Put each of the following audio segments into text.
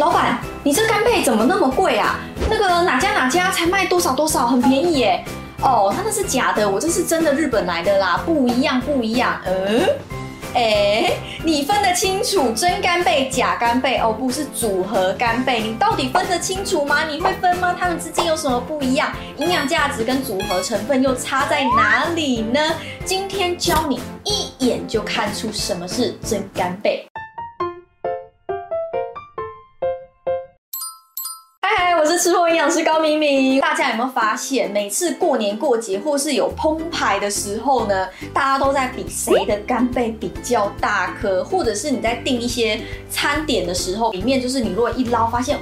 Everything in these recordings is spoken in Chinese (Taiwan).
老闆，你這干貝怎麼那麼貴啊？那個哪家哪家才賣多少多少，很便宜耶。哦，他那是假的，我這是真的日本來的啦，不一樣不一樣。嗯？誒？欸？你分得清楚真干貝、假干貝？哦，不是組合干貝，你到底分得清楚嗎？你會分嗎？它們之間有什麼不一樣？營養價值跟組合成分又差在哪裡呢？今天教你一眼就看出什麼是真干貝。是吃貨營養師高敏敏，大家有沒有發現，每次過年過節或是有澎湃的時候呢，大家都在比誰的干貝比較大顆，或者是你在訂一些餐點的時候，裡面就是你如果一撈發現。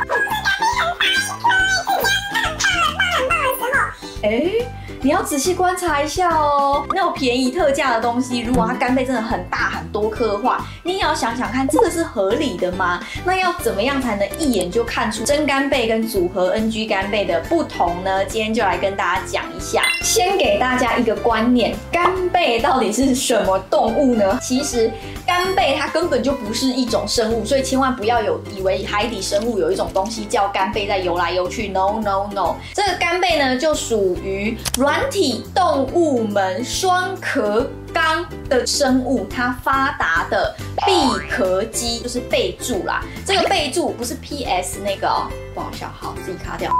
哎、欸，你要仔細觀察一下哦、喔。那種便宜特價的東西，如果它干貝真的很大很多顆的話，你也要想想看，這個是合理的嗎？那要怎麼樣才能一眼就看出真干貝跟組合 NG 干貝的不同呢？今天就來跟大家講一下。先給大家一個觀念，干貝到底是什麼動物呢？其實。干貝它根本就不是一種生物，所以千萬不要有以為海底生物有一種東西叫干貝在游來游去。No No No，這個干貝呢就屬於軟體動物門雙殼。綱的生物，它發達的閉殼肌就是貝柱啦。這個貝柱不是 PS 那個哦、喔，不好笑，好，自己卡掉。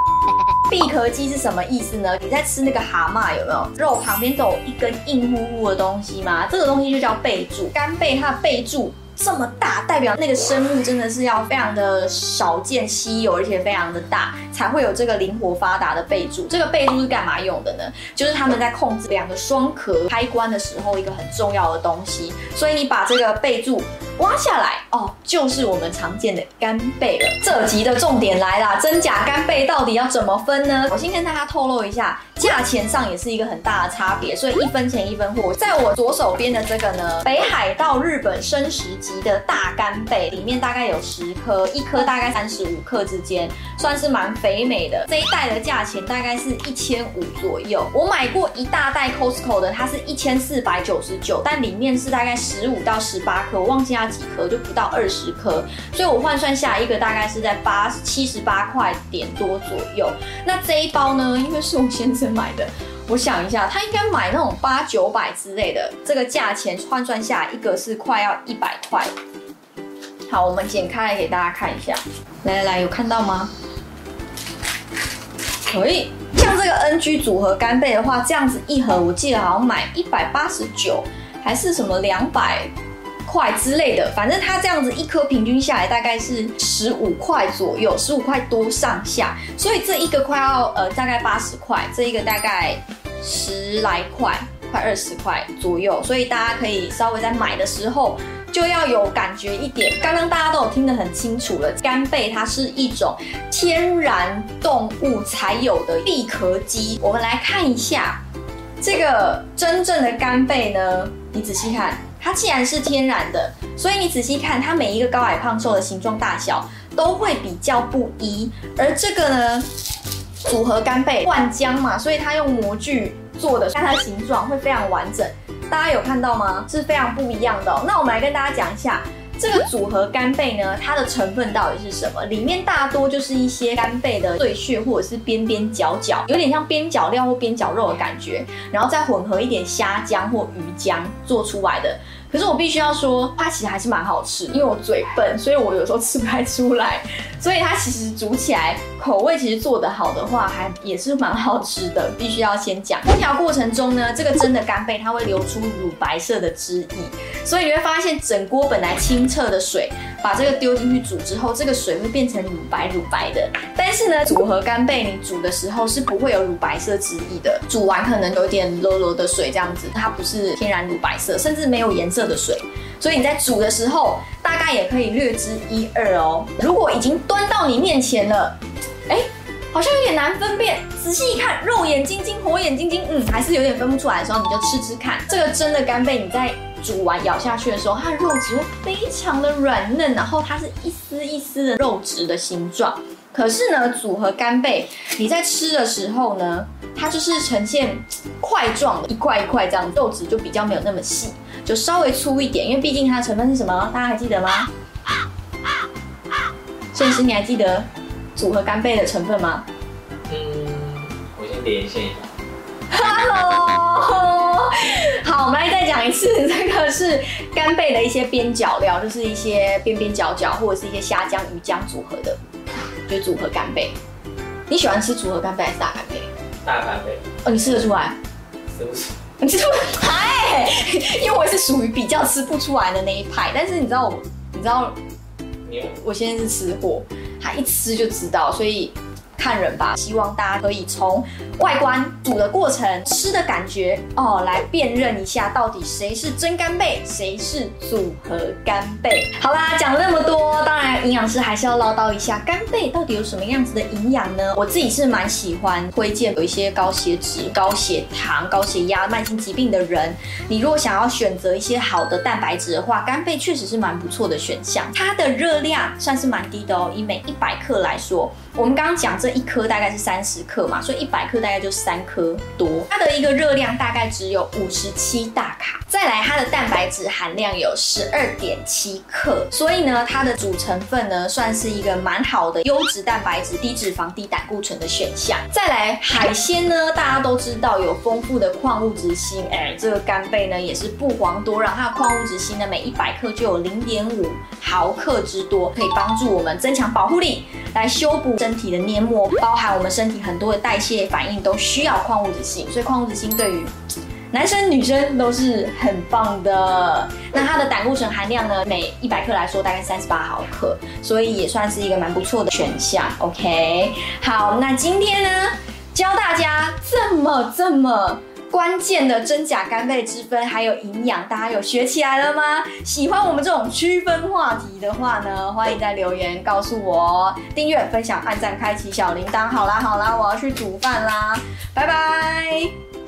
閉殼肌是什麼意思呢？你在吃那個蛤蟆，有沒有肉旁邊都有一根硬乎乎的東西嗎？這個東西就叫貝柱。干貝它的貝柱。這麼大，代表那個生物真的是要非常的少見、稀有，而且非常的大，才會有這個靈活發達的貝柱。這個貝柱是幹嘛用的呢？就是他們在控制兩個雙殼開關的時候，一個很重要的東西。所以你把這個貝柱。挖下來哦，就是我們常見的干貝了。這集的重點來啦，真假干貝到底要怎麼分呢？我先跟大家透露一下，價錢上也是一個很大的差別，所以一分錢一分貨。在我左手邊的這個呢，北海道日本生食級的大干貝，裡面大概有十顆，一顆大概三十五克之間，算是蠻肥美的。這一袋的價錢大概是一千五左右。我買過一大袋 Costco 的，它是一千四百九十九，但裡面是大概十五到十八顆，我忘記啊。幾顆就不到二十顆，所以我換算下一個大概是在八七十八塊點多左右。那這一包呢？因為是我先生買的，我想一下，他應該買那種八九百之類的，這個價錢換算下一個是快要一百塊。好，我們剪開給大家看一下。來來來，有看到嗎？可、哎、以。像這個 NG 組合干貝的話，這樣子一盒，我記得好像買一百八十九還是什麼兩百。塊之類的，反正它這樣子一顆平均下來大概是十五塊左右，十五塊多上下。所以這一個快要呃、大概八十塊，這一個大概十來塊，快二十塊左右。所以大家可以稍微在買的時候就要有感覺一點。剛剛大家都有聽得很清楚了，干貝它是一種天然動物才有的閉殼肌。我們來看一下這個真正的干貝呢，你仔細看。它既然是天然的，所以你仔細看它每一個高矮胖瘦的形狀大小都會比較不一。而這個呢，組合干貝灌漿嘛，所以它用模具做的，但它形狀會非常完整。大家有看到嗎？是非常不一樣的哦。那我們來跟大家講一下這個組合干貝呢，它的成分到底是什麼？裡面大多就是一些干貝的碎屑或者是邊邊角角，有點像邊角料或邊角肉的感覺，然後再混合一點蝦漿或魚漿做出來的。可是我必須要說，它其實還是蠻好吃，因為我嘴笨，所以我有時候吃不太出來，所以它其實煮起來口味其實做得好的話，還也是蠻好吃的，必須要先講。烹調過程中呢，這個真的干貝它會流出乳白色的汁液。所以你會發現，整鍋本來清澈的水，把這個丟進去煮之後，這個水會變成乳白乳白的。但是呢，組合干貝你煮的時候是不會有乳白色之意的，煮完可能有點濛濛的水這樣子，它不是天然乳白色，甚至沒有顏色的水。所以你在煮的時候，大概也可以略知一二哦。如果已經端到你面前了，哎，好像有點難分辨，仔細一看，肉眼金睛，火眼金睛，嗯，還是有點分不出來的時候，你就吃吃看。這個真的干貝，你在。煮完咬下去的時候，它的肉質會非常的軟嫩，然後它是一絲一絲的肉質的形狀。可是呢，組合干貝，你在吃的時候呢，它就是呈現塊狀的，一塊一塊這樣，肉質就比較沒有那麼細，就稍微粗一點。因為畢竟它的成分是什麼，大家還記得嗎？攝影師你還記得組合干貝的成分嗎？嗯，我先連線一下。Hello。 好，我們來再講一次，這個是干貝的一些邊角料，就是一些邊邊角角，或者是一些蝦漿、魚漿組合的，就是組合干貝。你喜歡吃組合干貝還是大干貝？大干貝。哦，你吃得出來？吃不出來。你吃不出來？因為我是屬於比較吃不出來的那一派，但是你知道我，你知道我牛我，我現在是吃貨，一吃就知道，所以。看人吧，希望大家可以從外觀，煮的過程、吃的感覺哦，來辨認一下到底誰是真干貝，誰是組合干貝。好啦，講了那麼多，當然營養師還是要嘮叨一下，干貝到底有什麼樣子的營養呢？我自己是蠻喜歡推薦，有一些高血脂、高血糖、高血壓、慢性疾病的人，你如果想要選擇一些好的蛋白質的話，干貝確實是蠻不錯的選項。它的熱量算是蠻低的哦，以每一百克來說。我們剛剛講這一顆大概是三十克嘛，所以一百克大概就三顆多。它的一個熱量大概只有五十七大卡，再來它的蛋白質含量有十二點七克，所以呢，它的主成分呢算是一個蠻好的優質蛋白質、低脂肪、低膽固醇的選項。再來海鮮呢，大家都知道有豐富的礦物質鋅，哎，這個干貝呢也是不遑多讓，它的礦物質鋅呢每一百克就有零點五毫克之多，可以幫助我們增強保護力，來修補。身體的黏膜，包含我們身體很多的代謝反應，都需要礦物質鋅，所以礦物質鋅對於男生女生都是很棒的。那它的膽固醇含量呢？每一百克來說大概三十八毫克，所以也算是一個蠻不錯的選項。OK，好，那今天呢，教大家這麼這麼關鍵的真假乾貝之分，還有營養，大家有學起來了嗎？喜歡我們這種區分話題的話呢，歡迎在留言告訴我哦，訂閱、分享、按讚、開啟小鈴鐺。好啦好啦，我要去煮飯啦，拜拜。